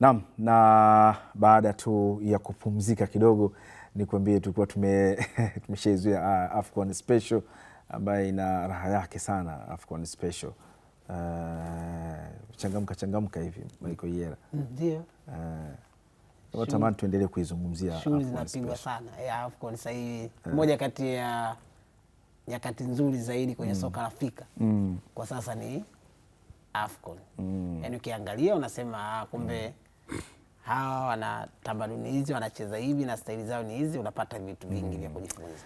Naam, na baada tu ya kupumzika kidogo, ni kuambie tulikuwa tumeshaizuia uh, ah, Afcon special ambayo ina raha yake sana Afcon special uh, changamka changamka hivi Michael Yera ndio uh, eh, tamani tuendelee kuizungumzia. Shughuli zinapigwa sana ya Afcon sasa hivi, eh. moja kati ya nyakati nzuri zaidi kwenye mm. soka la Afrika mm. kwa sasa ni Afcon mm. yani ukiangalia unasema ah, kumbe mm hawa wana tamaduni hizi, wanacheza hivi na staili zao ni hizi, unapata vitu vingi vya kujifunza.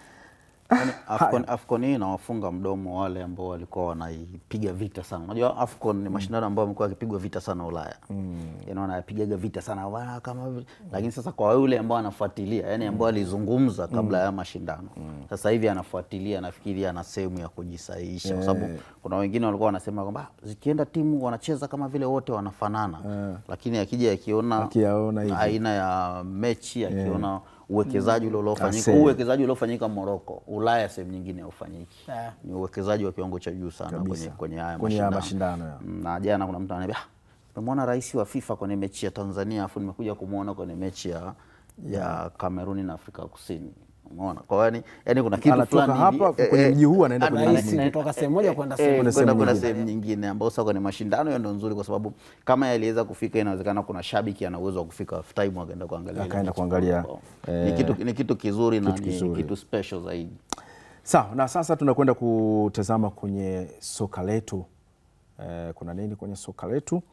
Yaani Afcon, Afcon hii inawafunga mdomo wale ambao walikuwa wanaipiga vita sana. Unajua Afcon ni mm. mashindano ambayo amekuwa akipigwa vita sana Ulaya. Mm. Yaani wanapigaga vita sana wana kama mm. Lakini sasa kwa yule ambao anafuatilia, yani mm. ambao alizungumza kabla mm. ya mashindano. Mm. Sasa hivi anafuatilia, nafikiri ana sehemu ya kujisahihisha yeah. Kwa sababu eh. kuna wengine walikuwa wanasema kwamba ah, zikienda timu wanacheza kama vile wote wanafanana. Yeah. Lakini akija akiona aina ya mechi eh. akiona yeah uwekezaji ule mm. uliofanyika uwekezaji uliofanyika Moroko, Ulaya sehemu nyingine haufanyiki. Yeah. Ni uwekezaji wa kiwango cha juu sana kwenye, kwenye haya mashindano, mashindano na jana kuna mtu ananiambia nimemwona ah, rais wa FIFA kwenye mechi ya Tanzania afu nimekuja kumwona kwenye mechi ya ya Kameruni na Afrika Kusini. Umeona, kwa hiyo yani kuna kitu fulani hapa kwenye eh, mji huu anaenda eh, kwenye mji anatoka sehemu moja kwenda eh, sehemu nyingine, ambayo sasa kwenye mashindano hiyo ndio nzuri, kwa sababu kama yaliweza kufika, inawezekana kuna shabiki ana uwezo wa kufika half time akaenda kuangalia akaenda kuangalia. Ni kitu ni kitu kizuri na ni kitu special zaidi. Sawa, na sasa tunakwenda kutazama kwenye soka letu. Kuna nini kwenye soka letu?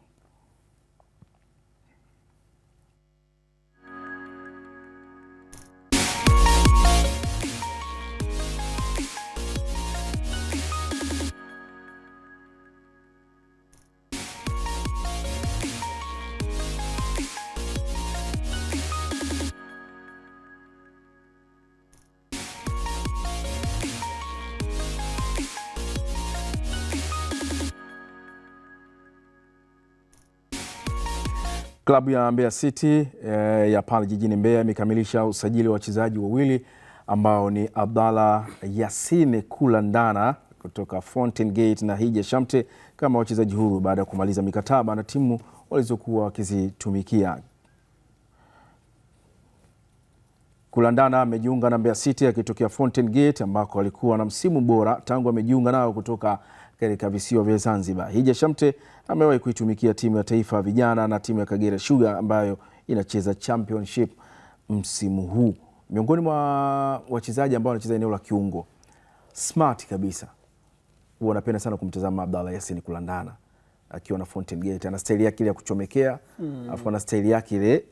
Klabu ya Mbeya City e, ya pale jijini Mbeya imekamilisha usajili wa wachezaji wawili ambao ni Abdalla Yasine Kulandana kutoka Fountain Gate na Hija Shamte kama wachezaji huru baada ya kumaliza mikataba na timu walizokuwa wakizitumikia. Kulandana amejiunga na Mbeya City akitokea Fountain Gate ambako alikuwa na msimu bora tangu amejiunga nao kutoka katika visiwa vya Zanzibar. Hija Shamte amewahi kuitumikia timu ya taifa ya vijana na timu ya Kagera Sugar ambayo inacheza championship msimu huu. Miongoni mwa wachezaji ambao wanacheza eneo la kiungo, smart kabisa, huwa anapenda sana kumtazama Abdallah Yasin Kulandana akiwa na Fountain Gate. Ana staili yake ile ya kuchomekea, mm. afu ana staili yake ile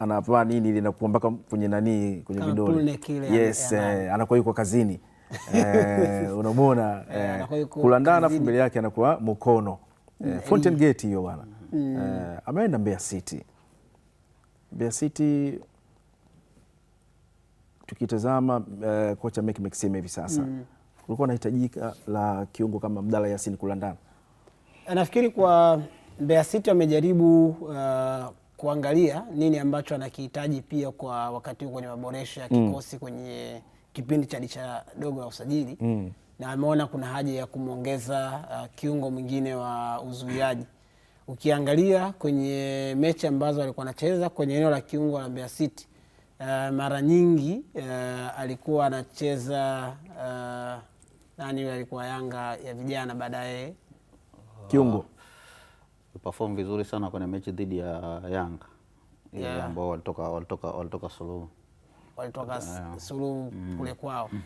anavaa nini linakuwa mpaka kwenye nani kwenye vidole yes, eh, anakuwa yuko kazini eh, unamwona eh, eh kulandana alafu yake anakuwa mkono eh, Fountain mm. Gate hiyo bwana mm. eh, ameenda Mbeya City. Mbeya City tukitazama eh, kocha Mike Maxime hivi sasa mm. kulikuwa nahitajika la kiungo kama Abdalla Yasin kulandana. Nafikiri kwa Mbeya City wamejaribu uh, kuangalia nini ambacho anakihitaji pia kwa wakati huu kwenye maboresho ya mm. kikosi mm. kwenye kipindi cha dirisha dogo la usajili mm. na ameona kuna haja ya kumwongeza uh, kiungo mwingine wa uzuiaji. Ukiangalia kwenye mechi ambazo alikuwa anacheza kwenye eneo la kiungo la Mbeya City uh, mara nyingi uh, alikuwa anacheza uh, nani yule alikuwa Yanga ya vijana baadaye kiungo uh, kuperform vizuri sana kwenye mechi dhidi ya Yanga yeah. ambao walitoka walitoka walitoka suluhu walitoka suluhu mm. kule kwao mm.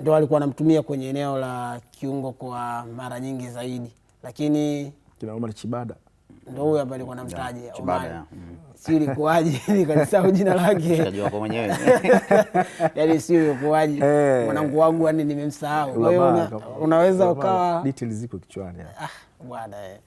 ndio alikuwa anamtumia kwenye eneo la kiungo kwa mara nyingi zaidi, lakini kina Omar Chibada ndio huyo ambaye alikuwa anamtaja Omar, mm. si ilikuwaje? nikasahau jina lake, unajua kwa mwenyewe yani, si ilikuwaje? Eh. mwanangu wangu, yani nimemsahau. Wewe unaweza ukawa details ziko kichwani, ah bwana eh.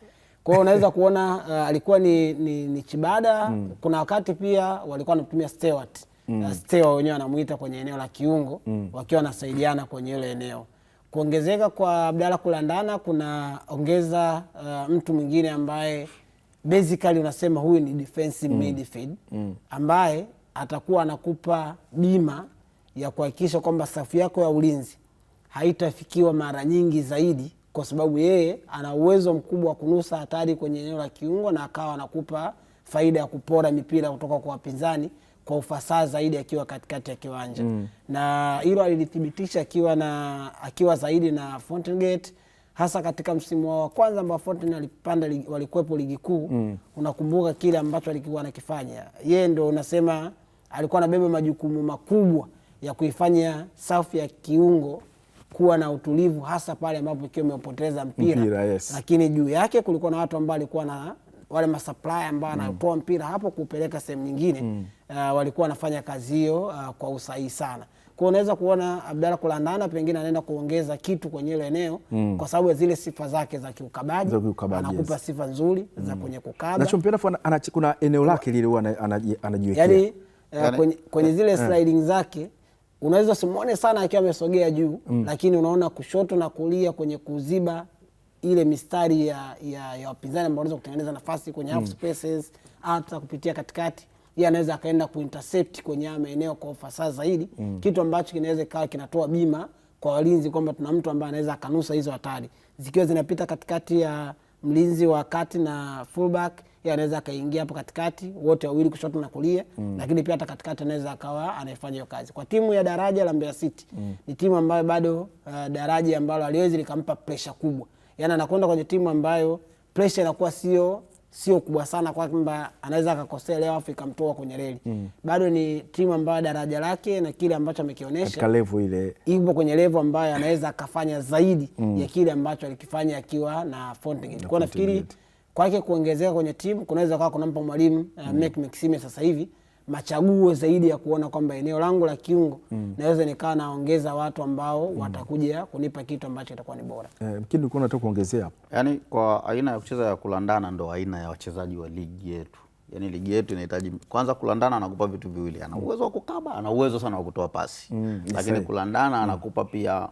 Kwa hiyo unaweza kuona uh, alikuwa ni, ni, ni Chibada mm. Kuna wakati pia walikuwa wanatumia Stewart mm. uh, Stewa wenyewe anamuita kwenye eneo la kiungo mm. wakiwa wanasaidiana kwenye ile eneo. Kuongezeka kwa Abdalla Kulandana kunaongeza uh, mtu mwingine ambaye basically unasema huyu ni defensive mm. midfield mm. ambaye atakuwa anakupa bima ya kuhakikisha kwamba safu yako ya ulinzi haitafikiwa mara nyingi zaidi kwa sababu yeye ana uwezo mkubwa wa kunusa hatari kwenye eneo la kiungo na akawa anakupa faida ya kupora mipira kutoka kwa wapinzani kwa ufasaha zaidi akiwa katikati ya kiwanja mm. na hilo alilithibitisha akiwa na akiwa zaidi na Fountain Gate hasa katika msimu wao wa kwanza ambao Fountain alipanda walikuwepo ligi kuu mm. Unakumbuka kile ambacho alikuwa anakifanya yeye, ndio unasema alikuwa anabeba majukumu makubwa ya kuifanya safu ya kiungo kuwa na utulivu, hasa pale ambapo ikiwa imepoteza mpira, mpira yes. Lakini juu yake kulikuwa na watu ambao walikuwa na wale masupply ambao wanatoa mm. mpira hapo kupeleka sehemu nyingine mm. Uh, walikuwa wanafanya kazi hiyo uh, kwa usahihi sana kwa unaweza kuona Abdalla Kulandana pengine anaenda kuongeza kitu kwenye ile eneo mm. kwa sababu ya zile sifa zake za kiukabaji, anakupa yes. sifa nzuri mm. za kwenye kukaba na kuna eneo lake lile anajiwekea, yaani, eh, yaani kwenye zile sliding zake unaweza simuone sana akiwa amesogea juu mm. Lakini unaona kushoto na kulia kwenye kuziba ile mistari ya, ya, ya wapinzani ambao wanaweza kutengeneza nafasi kwenye half mm. spaces hata kupitia katikati yeye anaweza akaenda kuintercept kwenye haya maeneo kwa ufasaha zaidi mm. kitu ambacho kinaweza kawa kinatoa bima kwa walinzi kwamba tuna mtu ambaye anaweza akanusa hizo hatari zikiwa zinapita katikati ya mlinzi wa kati na fullback anaweza akaingia hapo katikati, wote wawili kushoto na kulia mm. Lakini pia hata katikati anaweza akawa anaifanya hiyo kazi. Kwa timu ya daraja la Mbeya City mm. ni timu ambayo bado uh, daraja ambalo aliwezi likampa presha kubwa, yaani anakwenda kwenye timu ambayo presha inakuwa sio sio kubwa sana kwamba anaweza akakosea leo afu ikamtoa kwenye reli mm. Bado ni timu ambayo daraja lake na kile ambacho amekionyesha ipo kwenye levo ambayo anaweza akafanya zaidi mm. ya kile ambacho alikifanya akiwa na Fountain Gate. Kwa nafikiri kwake kuongezeka kwenye timu kunaweza kawa kunampa mwalimu uh, mm. Mek sasa hivi machaguo zaidi ya kuona kwamba eneo langu la kiungo mm. naweza nikawa naongeza watu ambao mm. watakuja kunipa kitu ambacho kitakuwa ni bora. Eh, Mkindi ulikuwa unataka kuongezea hapo? Yaani kwa aina ya kucheza ya kulandana ndo aina ya wachezaji wa ligi yetu. Yaani ligi yetu inahitaji kwanza kulandana, anakupa vitu viwili, ana mm. uwezo wa kukaba, ana uwezo sana wa kutoa pasi mm. lakini kulandana mm. anakupa pia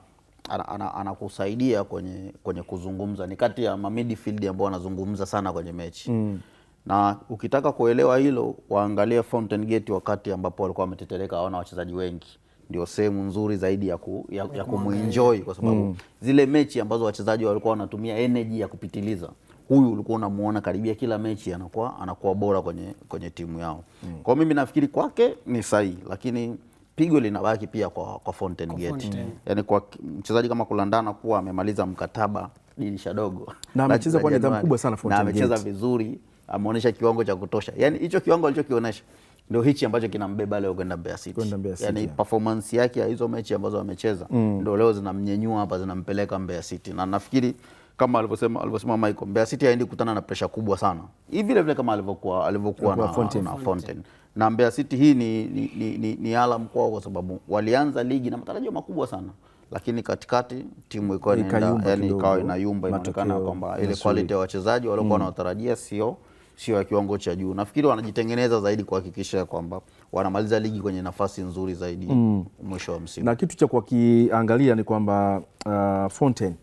anakusaidia ana, ana kwenye, kwenye kuzungumza. Ni kati ya mamidfield ambao wanazungumza sana kwenye mechi mm. na ukitaka kuelewa hilo waangalie Fountain Gate, wakati ambapo walikuwa wametetereka, awana wachezaji wengi, ndio sehemu nzuri zaidi ya, ku, ya, ya kumuenjoy kwa sababu mm. zile mechi ambazo wachezaji walikuwa wanatumia energy ya kupitiliza huyu ulikuwa unamuona karibia kila mechi anakuwa anakuwa bora kwenye, kwenye timu yao mm. kwao mimi nafikiri kwake ni sahihi, lakini pigo linabaki pia kwa, kwa Fountain Gate mm. Yani kwa mchezaji kama Kulandana kuwa amemaliza mkataba dirisha dogo na amecheza kwa nidhamu kubwa sana Fountain Gate, na amecheza vizuri, ameonyesha kiwango cha kutosha. Yani hicho kiwango alichokionyesha ndio hichi ambacho kinambeba leo kwenda Mbeya City. Kwenda City. Yani performance yake ya hizo mechi ambazo amecheza mm. ndio leo zinamnyenyua hapa zinampeleka Mbeya City, na nafikiri kama alivyosema alivyosema Michael, Mbeya City haendi kutana na pressure kubwa sana hivi vile vile kama alivyokuwa alivyokuwa na, na Fountain na Mbeya City hii ni, ni, ni, ni, ni alam kwao kwa sababu walianza ligi na matarajio makubwa sana, lakini katikati timu ikawa yani ikawa inayumba, inaonekana kwamba ile quality ya wachezaji waliokuwa mm. wanawatarajia sio sio ya kiwango cha juu. Nafikiri wanajitengeneza zaidi kuhakikisha kwamba wanamaliza ligi kwenye nafasi nzuri zaidi mm. mwisho wa msimu. Na kitu cha kukiangalia ni kwamba uh, Fontaine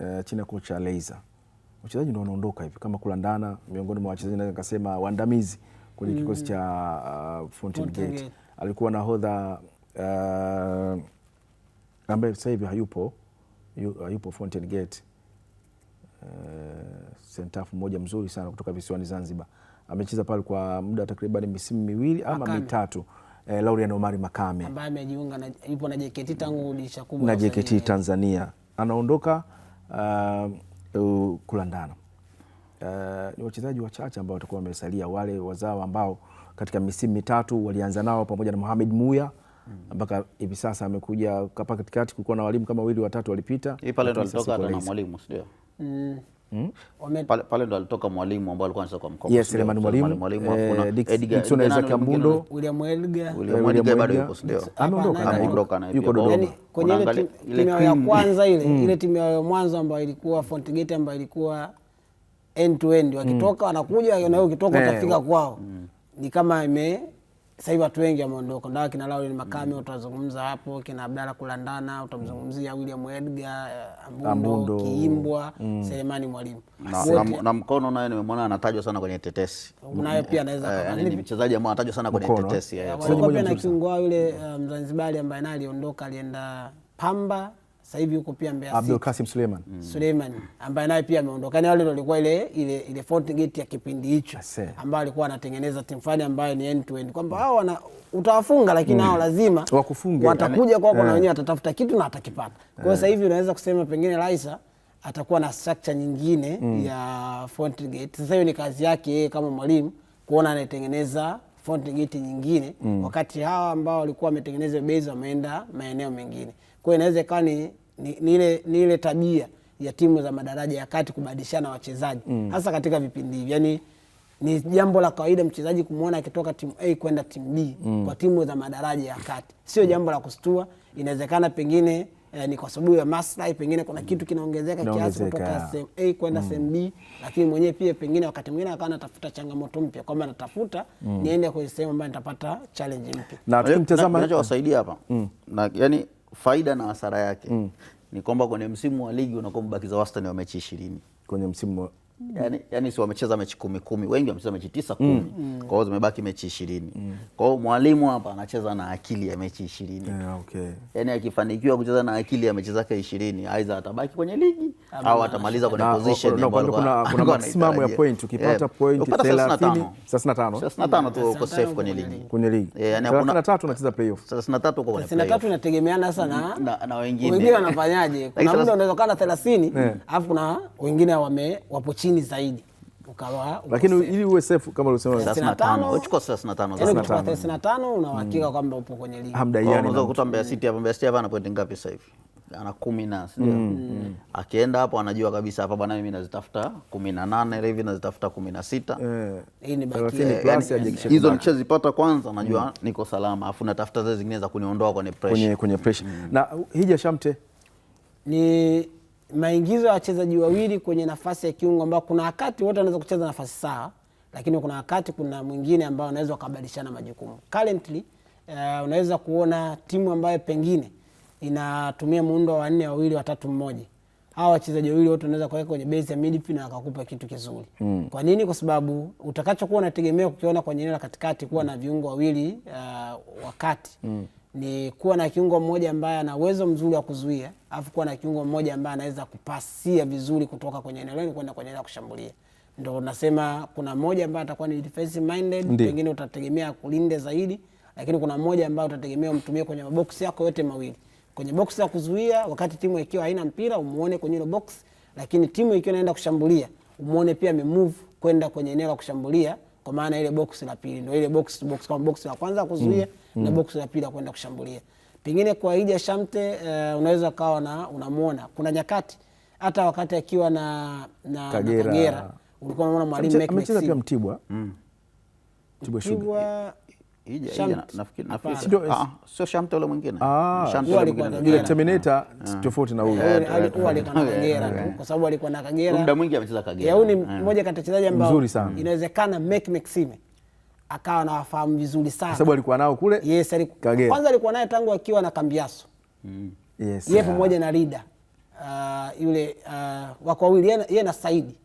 uh, chini ya kocha Leiza wachezaji ndio wanaondoka hivi kama kulandana miongoni mwa wachezaji, naweza nikasema waandamizi kwenye kikosi mm. cha uh, Fountain Gate. Gate alikuwa nahodha uh, ambaye sasa hivi hayupo uh, hayupo Fountain Gate uh, sentafu mmoja mzuri sana kutoka visiwani Zanzibar amecheza pale kwa muda takriban misimu miwili ama Makame. mitatu eh, Laurian Omari Makame ambaye amejiunga na yupo na JKT mm. tangu dirisha kubwa na JKT Tanzania anaondoka uh, uh, kulandana Eh, ni wachezaji wachache ambao watakuwa wamesalia, wale wazao ambao katika misimu mitatu walianza nao pamoja na Mohamed Muya mm. mpaka mm. hivi sasa amekuja hapa katikati, kulikuwa na walimu kama wawili watatu walipita. Hii pale ndo alitoka na mwalimu sio? mm. Hmm? Pale, pale ndo alitoka mwalimu ambaye alikuwa anacheza kwa mkopo. Yes, Suleman Mwalimu. Mwalimu eh, eh, hapo na Dickson Isaac Kambundo, William Elga. William Elga bado yuko sio? Ameondoka na ameondoka na yuko Dodoma. Yaani Kwenye ile timu ya kwanza ile, hmm. ile timu ya mwanzo ambayo ilikuwa Fontgate ambayo ilikuwa end to end, wakitoka mm. wanakuja na ukitoka eh, utafika kwao. Mm. Ni kama ime sasa hivi watu wengi wameondoka, ndio kina ni Makame utazungumza hapo, kina Abdalla Kulandana utamzungumzia, William Edgar Ambundo, mm. Kiimbwa, Selemani Mwalimu na Mkono naye nimemwona anatajwa sana kwenye tetesi, naye pia anaweza eh, ni mchezaji ambaye anatajwa sana kwenye eh? tetesi. Pia na kiungo yule Mzanzibari ambaye naye aliondoka alienda Pamba sasa hivi huko pia Mbeya Abdul Kasim Suleiman mm. mm. Suleiman ambaye naye pia ameondoka. ameondokana, wale ndio ilikuwa ile ile ile front gate ya kipindi hicho, ambao alikuwa anatengeneza timu fulani ambayo ni end to end, kwamba hao wana utawafunga lakini mm. hao mm. lazima wakufunge, watakuja kwako yeah. na eh. wenyewe atatafuta kitu na atakipata. Kwa hiyo yeah. sasa hivi unaweza kusema pengine Raisa atakuwa na structure nyingine mm. ya front gate. Sasa hiyo ni kazi yake yeye kama mwalimu kuona anatengeneza front gate nyingine mm. wakati hawa ambao walikuwa wametengeneza base wameenda maeneo mengine, kwa hiyo inaweza ikawa ni ni, ile, ni ile tabia ya timu za madaraja ya kati kubadilishana wachezaji mm. hasa katika vipindi hivi yani ni jambo la kawaida mchezaji kumwona akitoka timu A kwenda timu B mm. kwa timu za madaraja ya kati sio mm. jambo la kustua. Inawezekana pengine eh, ni kwa sababu ya maslahi, pengine kuna kitu kinaongezeka no, kiasi kutoka sehemu A kwenda mm. sehemu B, lakini mwenyewe pia pengine wakati mwingine akawa anatafuta changamoto mpya kwamba natafuta mm. niende kwenye sehemu ambayo nitapata challenge mpya, na na, na, mm. na, na, na yani faida na hasara yake mm. ni kwamba kwenye msimu wa ligi unakuwa mbakiza wastani wa mechi ishirini kwenye msimu yani, yani si wamecheza mechi kumi kumi, wengi wamecheza mechi tisa mm. kumi mm. Kwa hiyo zimebaki mechi ishirini mm. Kwa hiyo mwalimu hapa anacheza na akili ya mechi ishirini yeah, okay. Yani akifanikiwa kucheza na akili ya mechi zake ishirini aidha atabaki kwenye ligi au atamaliza kwenye position no, kuna, kuna, kuna maximum ya point ukipata eh, point 30 35 35 tu uko safe kwenye ligi kwenye ligi eh, yani 33 unacheza playoff 33 uko kwenye playoff 33 inategemeana sana na, na wengine wengine wanafanyaje? Kuna muda unaweza kana 30 eh. alafu kuna wengine wame wapo chini chini zaidi ukawa, lakini ili uwe safe kama ulisema 35 uchukua 35 35 yaani una uhakika kwamba upo kwenye ligi. hamda yani Unaweza kukuta Mbeya City hapa, Mbeya City hapa ana point ngapi sasa hivi? ana kumi na mm, mm. mm. Akienda hapo anajua kabisa hapa bwana, mimi nazitafuta kumi na nane hivi nazitafuta kumi na sita eh. yaani hizo nichezipata kwanza, najua mm. niko salama, afu natafuta zile zingine za kuniondoa kwenye pressure kwenye, kwenye pressure mm. na hija shamte ni maingizo ya wachezaji wawili kwenye nafasi ya kiungo, ambao kuna wakati wote wanaweza kucheza nafasi sawa, lakini kuna wakati kuna mwingine ambao anaweza kubadilishana majukumu. Currently uh, unaweza kuona timu ambayo pengine inatumia muundo wa wanne wawili watatu mmoja, hawa wachezaji wawili wote wanaweza kuweka kwenye base ya midfield na akakupa kitu kizuri mm. Kwa nini? Kwa sababu utakachokuwa unategemea kukiona kwenye eneo la katikati kuwa na viungo wawili uh, wakati mm ni kuwa na kiungo mmoja ambaye ana uwezo mzuri wa kuzuia, alafu kuwa na kiungo mmoja ambaye anaweza kupasia vizuri kutoka kwenye eneo lenu kwenda kwenye eneo kushambulia. ndo nasema kuna mmoja ambaye atakuwa ni defensive minded, pengine utategemea kulinde zaidi, lakini kuna mmoja ambaye utategemea umtumie kwenye maboksi yako yote mawili, kwenye boksi ya kuzuia wakati timu ikiwa haina mpira umuone kwenye ile box, lakini timu ikiwa inaenda kushambulia umuone pia amemove kwenda kwenye eneo la kushambulia kwa maana ile box la pili ndio ile box box kama box la kwanza kuzuia mm. na mm. box la pili ya kwenda kushambulia. Pengine kwa ija Shamte uh, unaweza kawa na unamuona kuna nyakati hata wakati akiwa na na Kagera, na Kagera ulikuwa unaona mwalimu amecheza pia Mtibwa mm. Mtibwa sio ah, Shamte ule mwingine yule ah, eh, Terminator eh, eh. tofauti na huyu, kwa sababu alikuwa na Kagera muda mwingi amecheza Kagera. Huyu ni mmoja kati ya wachezaji ambao inawezekana Meck Maxime akawa anawafahamu vizuri sana, sababu alikuwa nao kule. Yes, kwanza alikuwa naye tangu akiwa na Kambiaso mm. yeye pamoja na Rida ah, yule wako wawili, yeye na Saidi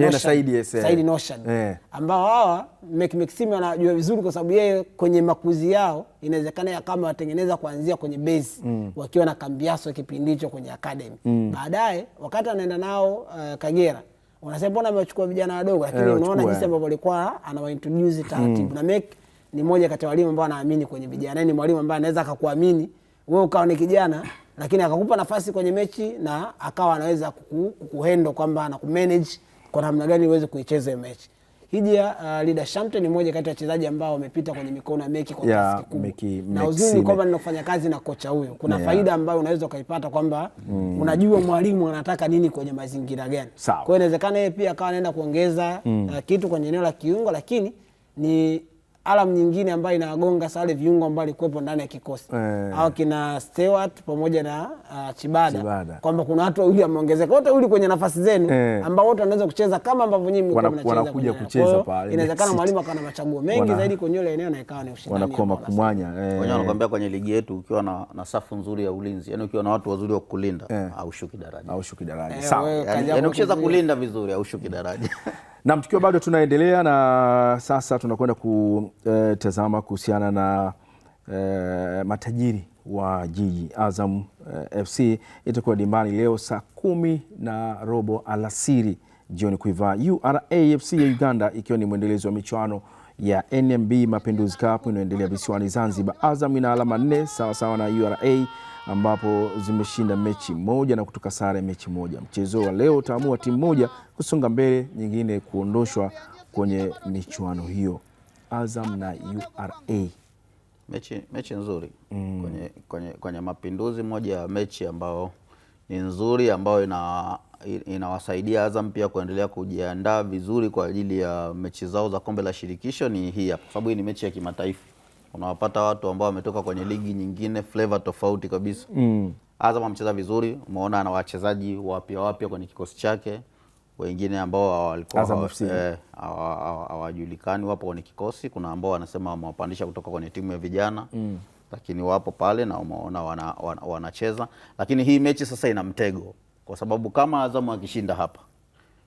yeah, na Said yes, yeah. Notion yeah. ambao hawa Meck Maxime anajua vizuri kwa sababu yeye kwenye makuzi yao inawezekana ya kama watengeneza kuanzia kwenye base mm. wakiwa na kambiaso kipindi hicho kwenye academy mm. baadaye wakati anaenda nao uh, Kagera unasema mbona amewachukua vijana wadogo, lakini eh, unaona jinsi ambavyo alikuwa anawaintroduce taratibu mm. na Meck ni mmoja kati ya walimu ambao anaamini kwenye vijana, yaani ni mwalimu ambaye anaweza akakuamini wewe ukawa ni kijana lakini akakupa nafasi kwenye mechi na akawa anaweza kukuhendo kwamba anakumanage kwa namna gani uweze kuicheza mechi. Hija uh, Lida Shamte ni mmoja kati ya wachezaji ambao wamepita kwenye mikono ya Meki kwa kiasi kikubwa, na uzuri ni kwamba ninafanya kazi na kocha huyo, kuna yeah, faida ambayo unaweza ukaipata kwamba mm, unajua mwalimu anataka nini kwenye mazingira gani. Kwa hiyo inawezekana yeye pia akawa anaenda kuongeza mm, uh, kitu kwenye eneo la kiungo, lakini ni alam nyingine ambayo inawagonga sale viungo ambao alikuwepo ndani ya kikosi eh, au kina Stewart pamoja na uh, Chibada, Chibada, kwamba kuna watu wawili wameongezeka, wote wawili kwenye nafasi zenu eh, ambao wote wanaweza kucheza kama ambavyo nyinyi wanakuja kucheza pale. Inawezekana mwalimu akawa na machaguo mengi zaidi kwenye ile eneo na ikawa ni ushindani, wanakuwa makumwanya eh, wenyewe wanakuambia kwenye ligi yetu ukiwa na, na safu nzuri ya ulinzi, yani ukiwa na watu wazuri wa kulinda eh, au shuki daraja, au shuki daraja, eh, sawa, yani yaani ukicheza kulinda vizuri au shuki daraja Na mtukio bado tunaendelea na sasa tunakwenda kutazama kuhusiana na e, matajiri wa jiji Azam e, eh, FC itakuwa dimbani leo saa kumi na robo alasiri jioni kuivaa URA FC ya Uganda, ikiwa ni mwendelezo wa michuano ya NMB Mapinduzi Cup inayoendelea visiwani Zanzibar. Azam ina alama nne sawasawa na URA ambapo zimeshinda mechi moja na kutoka sare mechi moja. Mchezo wa leo utaamua timu moja kusonga mbele, nyingine kuondoshwa kwenye michuano hiyo. Azam na URA mechi, mechi nzuri mm. kwenye, kwenye, kwenye Mapinduzi, moja ya mechi ambayo ni nzuri ambayo ina inawasaidia Azam pia kuendelea kujiandaa vizuri kwa ajili ya mechi zao za kombe la shirikisho ni hii hapa, kwa sababu hii ni mechi ya kimataifa unawapata watu ambao wametoka kwenye ligi nyingine flavor tofauti kabisa mm. Azam amecheza vizuri, umeona ana wachezaji wapya wapya kwenye kikosi chake, wengine ambao walikuwa eh, hawajulikani wapo kwenye kikosi. Kuna ambao wanasema wamewapandisha kutoka kwenye timu ya vijana mm. lakini wapo pale na umeona wanacheza wana, wana, wana, lakini hii mechi sasa ina mtego, kwa sababu kama Azam akishinda hapa,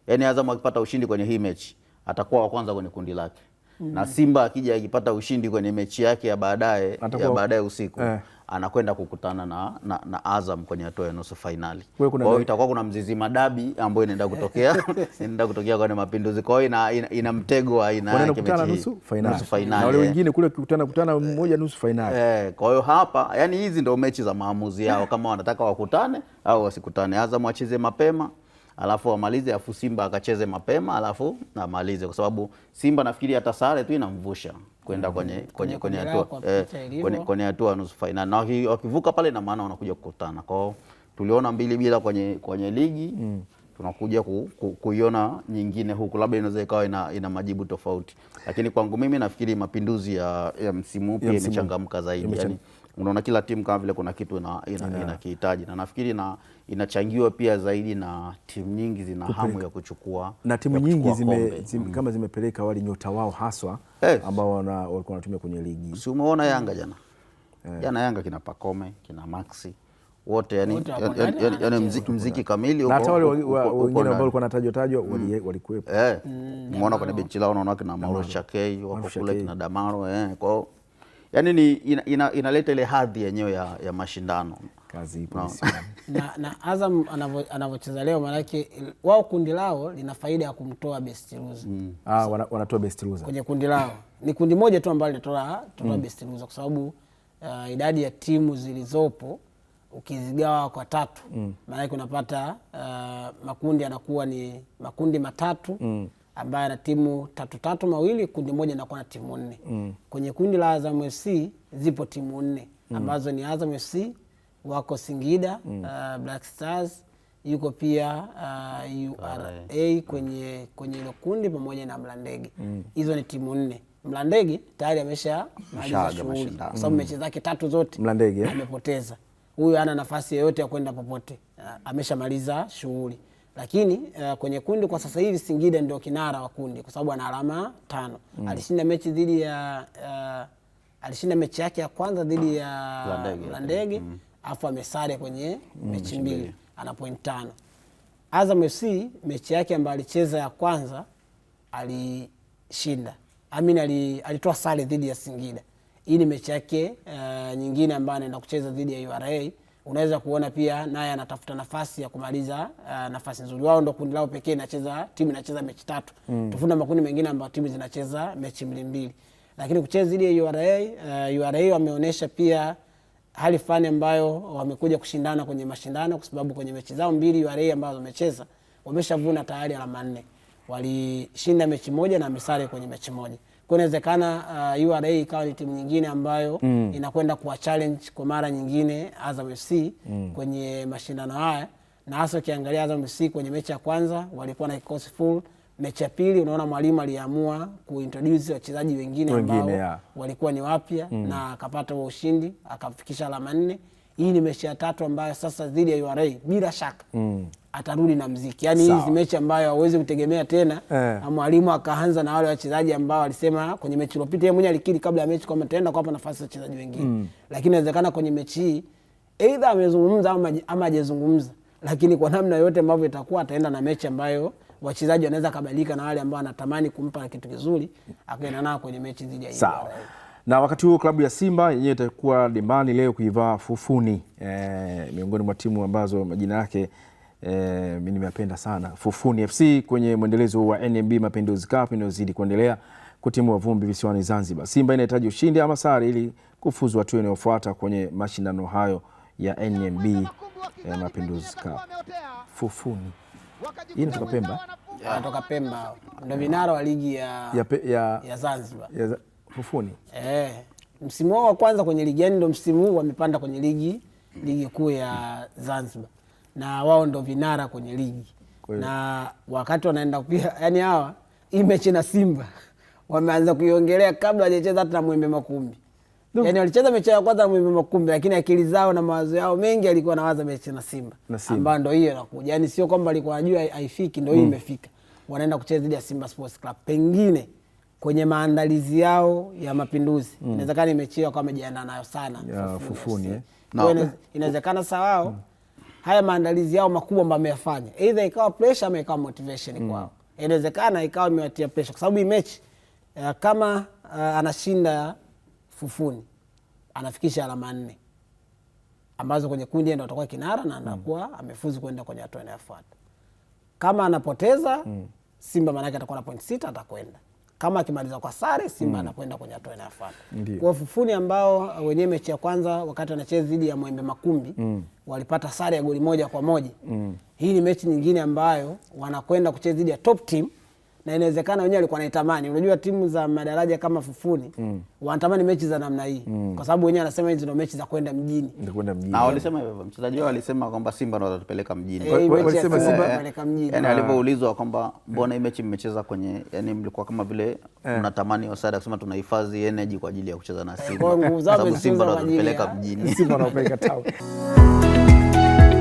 yani Azam akipata ushindi kwenye hii mechi atakuwa wa kwanza kwenye kundi lake Mhm. na Simba akija akipata ushindi kwenye mechi yake ya baadaye ya baadaye usiku eh, anakwenda kukutana na, na, na Azam kwenye hatua ya nusu fainali. Kwa hiyo itakuwa kuna mzizi madabi ambayo inaenda kutokea inaenda kutokea kwenye Mapinduzi. Kwa hiyo ina, ina, ina mtego wa aina yake mechi nusu fainali, nusu fainali na wale eh. wengine kule kukutana kutana mmoja nusu fainali eh. Kwa hiyo hapa, yani hizi ndio mechi za maamuzi yao, kama wanataka wakutane au wasikutane. Azam wacheze mapema alafu amalize, afu Simba akacheze mapema, alafu amalize, kwa sababu Simba nafikiri hata sare tu inamvusha kwenda mhm. kwenye kwenye kwenye hatua eh, kwenye kwenye hatua nusu fainali, na wakivuka pale, na maana wanakuja kukutana kwao. Tuliona mbili bila kwenye kwenye ligi mm. Tunakuja ku, ku, kuiona nyingine huku, labda inaweza ikawa ina, ina majibu tofauti, lakini kwangu mimi nafikiri mapinduzi ya, ya msimu upya imechangamka zaidi yani unaona kila timu kama vile kuna kitu inakihitaji, ina, ina na nafikiri na inachangiwa pia zaidi na timu nyingi zina Kupeleka. hamu ya kuchukua na timu nyingi zime, zime, mm. kama zimepeleka wali nyota wao haswa hey. ambao wana, walikuwa wanatumia kwenye ligi. Si umeona Yanga jana hey. Eh. jana Yanga kina Pakome kina Maxi wote yani, yani mziki, mziki kamili huko. Hata wale wengine ambao walikuwa wanatajwa tajwa mm. walikuwepo, eh, mm, umeona kwenye benchi lao, unaona kina Mauro Shakei wako kule kina Damaro eh, kwao yani ni inaleta ina, ina ile hadhi yenyewe ya, ya mashindano kazi ipo no. na, na Azam anavyocheza leo, maanake wao kundi lao lina faida ya kumtoa best loser mm. Ah, wana, wanatoa best loser kwenye kundi lao ni kundi moja tu ambalo linatoa mm. best loser kwa sababu uh, idadi ya timu zilizopo ukizigawa kwa tatu mm. maanake unapata uh, makundi yanakuwa ni makundi matatu mm ambaye ana timu tatu tatu mawili, kundi moja inakuwa na timu nne mm. Kwenye kundi la Azam FC zipo timu nne mm. ambazo ni Azam FC wako Singida mm. uh, Black Stars yuko pia uh, URA kwenye kwenye hilo kundi pamoja na Mlandege mm. hizo mm. ni timu nne. Mlandege tayari amesha maliza shughuli kwa sababu mm. mechi zake tatu zote Mlandege amepoteza. Huyu ana nafasi yoyote ya kwenda popote, uh, ameshamaliza shughuli lakini uh, kwenye kundi kwa sasa hivi Singida ndio kinara wa kundi kwa sababu ana alama tano. Mm. Alishinda mechi dhidi ya uh, alishinda mechi yake ya kwanza dhidi ya Landege mm. afu amesare kwenye mm, mechi mbili ana point tano. Azam FC mechi yake ambayo alicheza ya kwanza alishinda, Amin ali, alitoa sare dhidi ya Singida. Hii ni mechi yake uh, nyingine ambayo anaenda kucheza dhidi ya URA unaweza kuona pia naye anatafuta nafasi ya kumaliza uh, nafasi nzuri. Wao ndo kundi lao pekee inacheza timu inacheza mechi tatu mm. tofauti na makundi mengine ambayo timu zinacheza mechi mbili mbili, lakini kucheza ile ya URA uh, URA wameonyesha pia hali fulani ambayo wamekuja kushindana kwenye mashindano, kwa sababu kwenye mechi zao mbili URA ambazo wamecheza wameshavuna tayari alama nne, walishinda mechi moja na misare kwenye mechi moja kunawezekana uh, URA ikawa ni timu nyingine ambayo mm. inakwenda kuwa challenge kwa mara nyingine Azam FC mm. kwenye mashindano haya, na hasa ukiangalia Azam FC kwenye mechi ya kwanza walikuwa na kikosi full. Mechi ya pili unaona mwalimu aliamua kuintroduce wachezaji wengine ambao walikuwa ni wapya mm. na akapata huo ushindi akafikisha alama nne. Hii ni mechi ya tatu ambayo sasa dhidi ya URA bila shaka mm atarudi na mziki. Yaani hizi mechi ambayo hawezi kutegemea tena eh, mwalimu akaanza na wale wachezaji ambao alisema kwenye mechi iliyopita yeye mwenyewe alikiri kabla ya mechi kwamba taenda kuwapa nafasi za wachezaji wengine mm, lakini inawezekana kwenye mechi hii aidha amezungumza ama, ama hajazungumza, lakini kwa namna yote ambavyo itakuwa ataenda na mechi ambayo wachezaji wanaweza kabadilika na wale ambao anatamani kumpa kitu kizuri akaenda nao kwenye mechi dhidi ya Sawa. Na wakati huo klabu ya Simba yenyewe itakuwa dimbani leo kuivaa Fufuni, e, miongoni mwa timu ambazo majina yake E, eh, mi nimependa sana Fufuni FC kwenye mwendelezo wa NMB Mapinduzi Cup inayozidi kuendelea kutimua vumbi visiwani Zanzibar. Simba inahitaji ushindi ama sare ili kufuzu hatua inayofuata kwenye mashindano hayo ya NMB e, eh, Mapinduzi Cup. Fufuni hii inatoka Pemba, inatoka Pemba, ndo vinara wa ligi ya, ya, pe, ya, ya Zanzibar ya, Fufuni e, msimu wao wa kwanza kwenye ligi yani, ndo msimu huu wamepanda kwenye ligi ligi kuu ya Zanzibar na wao ndo vinara kwenye ligi Kwele. na wakati wanaenda pia, yani hawa hii mechi na Simba wameanza kuiongelea kabla hajacheza hata na Mwembe Makumbi no. Yani walicheza mechi ya kwanza na Mwembe Makumbi, lakini akili zao na mawazo yao mengi alikuwa nawaza mechi na Simba, Simba. ambayo ndo hiyo inakuja, yani sio kwamba alikuwa anajua haifiki, ndo hii hmm. imefika, wanaenda kucheza dhidi ya Simba Sports Club pengine kwenye maandalizi yao ya mapinduzi mm. inawezekana mechi hiyo kwa wamejiandaa nayo sana yeah, fufuni, fufuni eh. no. inawezekana sawao mm haya maandalizi yao makubwa ambayo ameyafanya, either ikawa pressure ama ikawa motivation mm. kwao. Inawezekana ikawa imewatia pressure, kwa sababu hii mechi uh, kama uh, anashinda Fufuni anafikisha alama nne ambazo kwenye kundi ndo atakuwa kinara na anakuwa mm. amefuzu kwenda kwenye hatua inayofuata. Kama anapoteza mm. Simba maanake atakuwa na point sita, atakwenda kama akimaliza kwa sare Simba mm. anakwenda kwenye hatua inayofuata. Kwa Fufuni ambao uh, wenyewe mechi ya kwanza wakati wanacheza dhidi ya Mwembe Makumbi mm. walipata sare ya goli moja kwa moja mm. hii ni mechi nyingine ambayo wanakwenda kucheza dhidi ya top team na inawezekana wenyewe alikuwa anaitamani. Unajua timu za madaraja kama Fufuni mm. wanatamani mechi za namna hii mm. kwa sababu wenyewe anasema hizi ndio mechi za kwenda mjini, kwenda mjini. Ah, walisema hivyo mchezaji wao alisema kwamba Simba ndio watatupeleka mjini, eh, walisema Simba mjini, yani alipoulizwa ah. kwamba mm. mbona hii mechi mmecheza kwenye, yani mlikuwa kama vile eh. mnatamani wasada kusema tunahifadhi energy kwa ajili ya kucheza na eh, Simba, kwa zao Simba ndio watatupeleka mjini, Simba ndio watatupeleka town